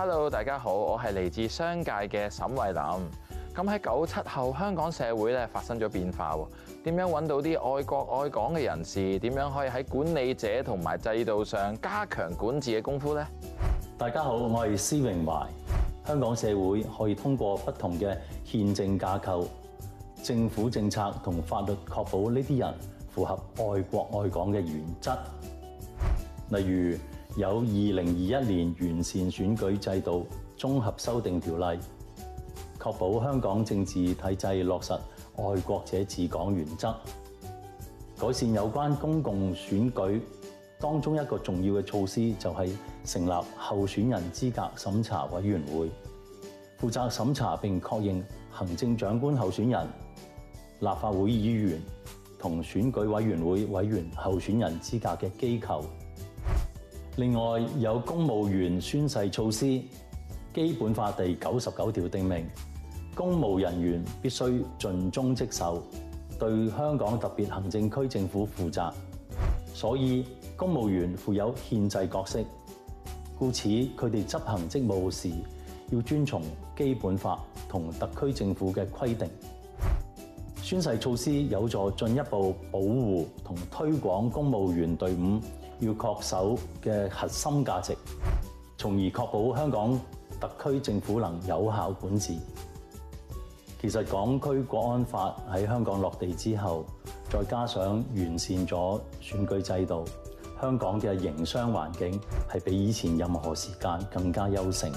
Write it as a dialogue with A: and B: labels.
A: Hello，大家好，我係嚟自商界嘅沈慧林。咁喺九七後，香港社會咧發生咗變化喎。點樣揾到啲愛國愛港嘅人士？點樣可以喺管理者同埋制
B: 度上加強管治嘅功夫呢？大家好，我係施榮懷。香港社會可以通過不同嘅憲政架構、政府政策同法律，確保呢啲人符合愛國愛港嘅原則。例如，有二零二一年完善選舉制度綜合修訂條例，確保香港政治體制落實愛國者治港原則。改善有關公共選舉當中一個重要嘅措施就係成立候選人資格審查委員會，負責審查並確認行政長官候選人、立法會議員同選舉委員會委員候選人資格嘅機構。另外，有公務員宣誓措施，《基本法》第九十九條定明：「公務人員必須盡忠職守，對香港特別行政區政府負責。」所以，公務員負有憲制角色，故此佢哋執行職務時，要遵從《基本法》同特區政府嘅規定。宣誓措施有助進一步保護同推廣公務員隊伍要確守嘅核心價值，從而確保香港特區政府能有效管治。其實，港區國安法喺香港落地之後，再加上完善咗選舉制度，香港嘅營商環境係比以前任何時間更加優勝。